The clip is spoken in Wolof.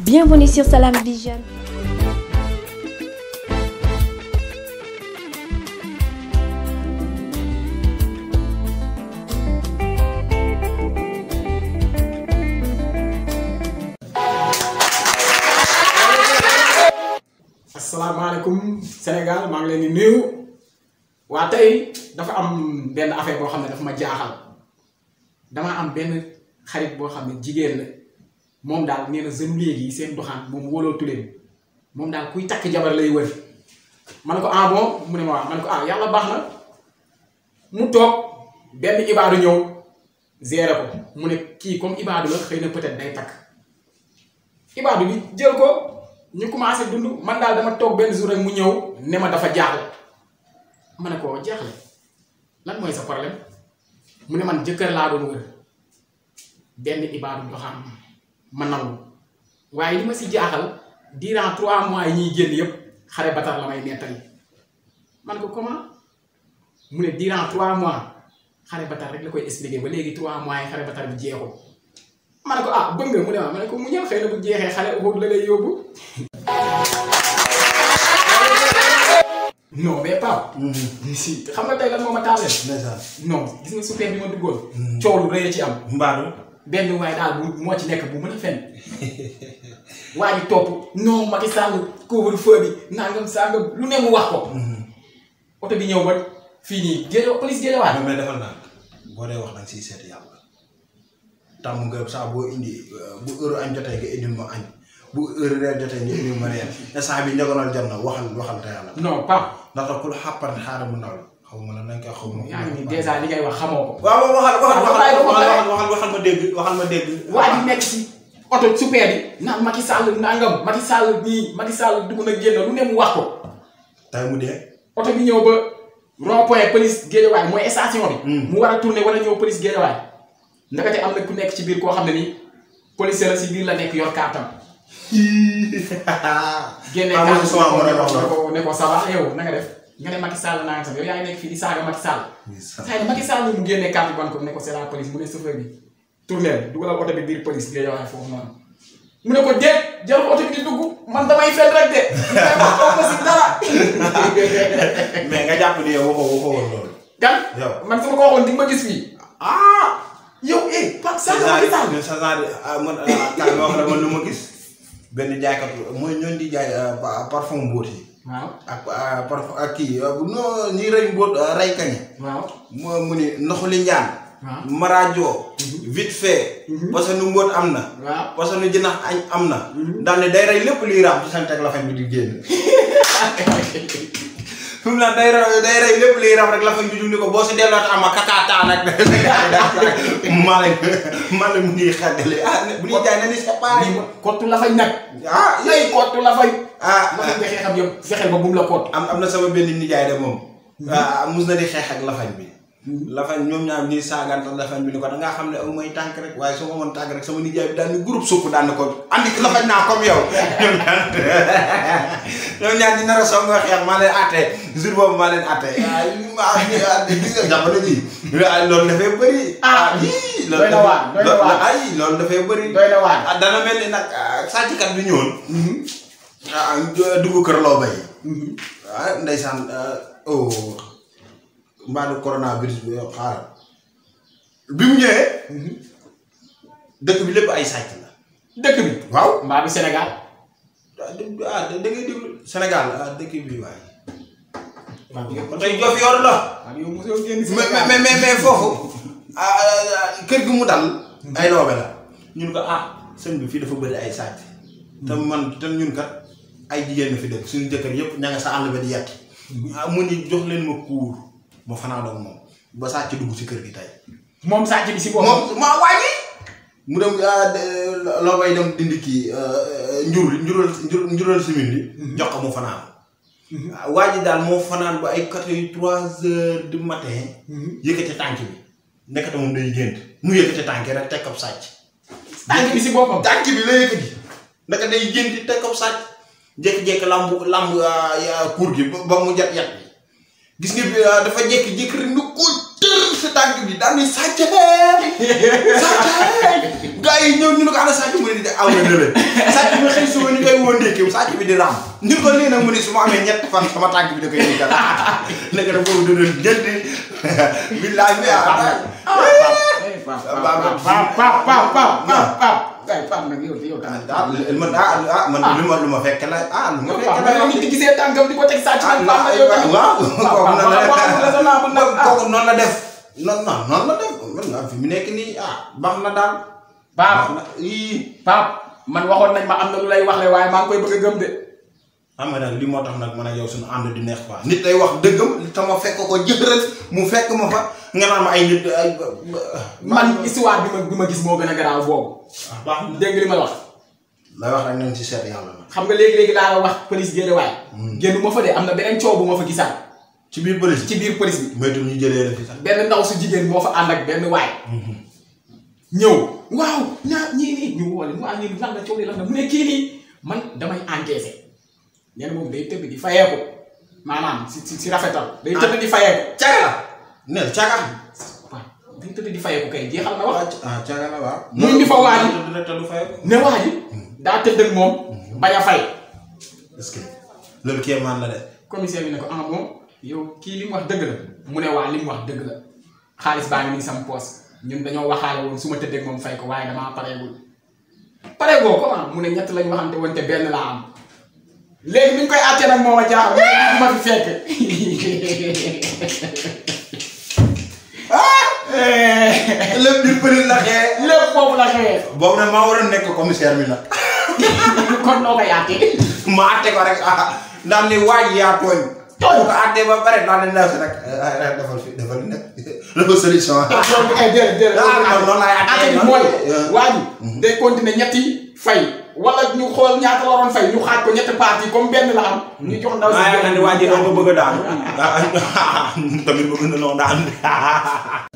Bienvenue sur Salam Vision. asalaamaaleykum Sénégal maa ngi leen di nuyu waa tey dafa am benn affaire boo xam ne dafa ma jaaxal damaa am benn xarit boo xam ne jigéen la. moom daal nee na jeune léegi yi seen doxaan moom wóolootu leen moom daal kuy takk jabar lay wër ma ne ko ah bon mu ne ma waaw ko ah yàlla baax na mu toog benn ibaadu ñëw mu ne kii comme ibaadu xëy na peut-être day takk ibaadu bi jël ko commencé dund man daal dama toog benn jour rek mu ñëw ne ma dafa jaaxle ma ne ko jaaxle lan mooy sa problème mu ne man jëkkër laa doon wër benn ibaadu doxaan ma nangu waaye li ma si jaaxal durant trois mois yi ñuy génn yëpp xare batar la may nettali man ko comment mu ne durant trois mois xare batar rek la koy expliqué ba léegi trois mois yi xare batar bi jeexul man ko ah bëgg nga mu ne ma ne ko mu ñëw xëy na bu jeexee xare boobu la lay yóbbu. non mais Pape. Mm-hmm. xam nga tey lan moo ma taalee. non gis nga super bi ma duggoon. Mm-hmm. coow lu ci am. mbaa benn waay daal bu moo ci nekk bu mën a fenn waa ji topp non Macky Sall couvre-feu bi nangam sangam lu ne mu wax ko. Mhm. oto bi ñëw ba fii nii géej police géej waay. mais defal naa boo dee wax nag si seet yàlla tàmm nga saa boo indi euh, bu heure añ jotee nga indil ma añ bu heure reer jotee nga indil ma reer instant bi njagonal jar na waxal waxal te yàlla. non pas. ndax ku la xàppan xaaral mu ndaw la. xaw ma lan lañ koy xaw ma. yaa ngi nii dèjà li ngay wax xamoo ko. waaw waxal waxal waxal waxal waxal ma dégg waxal ma dégg. waa ji nekk si oto super bi. naan Macky Sall nangam Macky Sall nii Macky Sall na génn ne mu wax ko. tay mu dee. oto bi ñëw ba rond point police Guédiawaye mooy station bi. Hmm. war a tourner wala ñëw police Guédiawaye. ndakate am na ku nekk ci biir koo xam ne nii policier la si biir la nekk yor kàttan. génne kàttan naa ko ne ko eh, na nga def. nga ne Macky naa nga sax yow yaa nekk fii di saaga Macky Sall. saa mu génnee carte ban ko ne ko c'est la police mu ne chauffeur bi tournel dugalal oto bi biir police ngay waxee foofu noonu. mu ne ko déet jël oto bi di dugg man damay fen rek de. nga jàpp yow waxoo waxoo woon loolu. man su ma ko waxoon di ma gis fii. ah yow eh. Pa saaga Macky Sall de Sassane ah, man Kalle ah, wax la man lu ma gis. benn jaaykat mooy ñoon di jaay ah, parfum mboot yi waaw ak ah, par ak kii ah, non ñi rey mbóot ah, rey kañe. waaw moo mu ni ndoxuli njaan. waaw maraajo. Mhm. vite fait. Mhm. parce mbóot am na. waaw parce que nu jënax añ am na. Mhm. daal ne day rey lépp luy raam ci seen teg la fan bi di génn. fi mu day raw day rey lépp la fa jujum ni ko boo si delloo am a kakaataan ak maa leen maa leen di xàggale ah bu ñuy jaay na ni c'est pas kottu la fay nag ah lay kottu la fay ah mu am am na sama benn nijaay de moom waaw hmm. ah, mus na di xeex ak lafañ bi Mm-hmm. lafañ ñoom ñaar ñuy saagante lafañ bi ni ko da xam ne aw mooy tànk rek waaye su ma woon tànk rek sama nijaay bi daan ni groupe supp daan ko andi lafañ naa comme yow ñoom ñaar ñoom ñaar ñi nar a song xeex maa leen atte jour boobu maa leen atte loolu dafay bëri ah, ah i loolu dafay bëri na waar ah, dana mel ni nag ah, sàcckat bi ñëwoon mm-hmm. ah dugg kër loo bay mm-hmm. ah ndeysaan oh mbaa ne coronavirus bi yow xaaral bi mu ñëwee. dëkk bi lépp ay sàcc la. dëkk bi waaw. mbaa bi Sénégal. ah, ah da ngay Sénégal ah, dëkk bi waay. waaw tey Jof yor foofu. Ah, kër gi mu dal. ay loobe la. ñun ko ah sëñ fii dafa bëri ay sàcc. te hmm. man te ñun kat ay jigéen na fi dëkk suñu jëkkër yëpp ña sa àll ba di yàq. Hmm. ah mu ni jox leen ma kuur. ma fanaanoo moom ba sàcc dugg si kër gi tey. moom sàcc bi si boobu. moom ma waa ji mu dem ah, loo bay dem dindi kii euh, euh, njur njural njural simin bi. Mhm. jox ko mu fanaan. Mhm. Ah, waa ji daal moo fanaan ba ay quatre yu trois heures du matin. Mhm. yëkkati tànk bi nekkati moom day gént mu yëkkati tànk rek teg ab sàcc. tànk bi si boppam tànk bi la yëkkati. naka day gént teg ab sàcc. jékki-jékki lamb lamb ah, kuur gi ba mu jat yat gis nga bi dafa jékki-jékki rek nu ko tër sa tànk bi daal di sàcc sàcc gars yi ñëw ñu ne ko ana sàcc mu ne di aw na nële sàcc bi xëy suba ni koy wóondee kii sàcc bi di raam ñu ko lii nag mu ne su ma amee ñett fan sama tànk bi da koy yëngal naka da boobu dëdal jëndi billaay bi ah pap pap pap pap pap ay Pape nag yow yow tamit. ah, ah, ah man ah man lu ma lu ma fekk la ah lu ma fekk la yow. nit gisee tànkam di ko teg saa ci man Pape nag yow tamit. Ah, waaw kooku noonu la def kooku noonu la def. non non noonu la def man naa fi mu ah baax na daal. baax na Pape man waxoon nañ ma am na lu lay wax le waaye maa koy bëgg gëm de. xam nga nag moo tax nag man ak yow suñu ànd di neex quoi nit day wax dëggam te ma fekk ko jëkkëral mu fekk ma fa nga naan ma ay nit ay. man histoire bi ma bi ma gis moo gën a garaaw boobu. waaw ah, dégg li ma wax. lay wax rek seet yàlla xam nga léegi-léegi laa la wax police Guédiawaye. Hmm. génn ma fa am na beneen coow bu ma fa gisaat. ci biir police ci biir police bi. moytu ñu jële la fi sax. benn ndaw si jigéen moo fa ànd ak benn waay. Hmm. ñëw waaw ñaa ñii nii ñu woo leen waaw ñii lan la coow li lan la mu ne kii nii man damay encaissé. nee moom day tëb di fayeeku maanaam si si rafetal. day tëb ah. di fayeeku. caga la ne caga. day tëb di fayeeku kay jeexal na wax. ah, ah caga la waaw. fa waa daa tëdd ak moom mm-hmm. bañ a fay. est que loolu kéemaan la de. commissaire bi ne ko ah bon yow kii li mu wax dëgg la mu ne waa li mu wax dëgg la xaalis baa ngi nii sama poos ñun dañoo waxaale woon su ma tëddee ak moom fay ko waaye damaa pareegul pareegoo ko ah mu ne ñett lañu waxante woon te benn laa léegi ni ñu koy àttee nag moom a jaaxal moom ma fi fekk ah! eh. lépp di përi la xee boobu la xee boobu nag maa waroon nekk commissaire bi nag kon noo ko ma àtte ko rek ah ni waaj yaa tooñ tooñ ko ba pare ndax ne ndaw si eh, eh, nag ah, ah, mooy waaj mhm. day continuer ñetti fay wala ñu xool ñaata la waroon fay ñu xaaj ko ñetti parti comme benn la am. ñu jox ndaw si benn waaye nag waa ji bëgg a daanu. tamit bëgg na noo daan.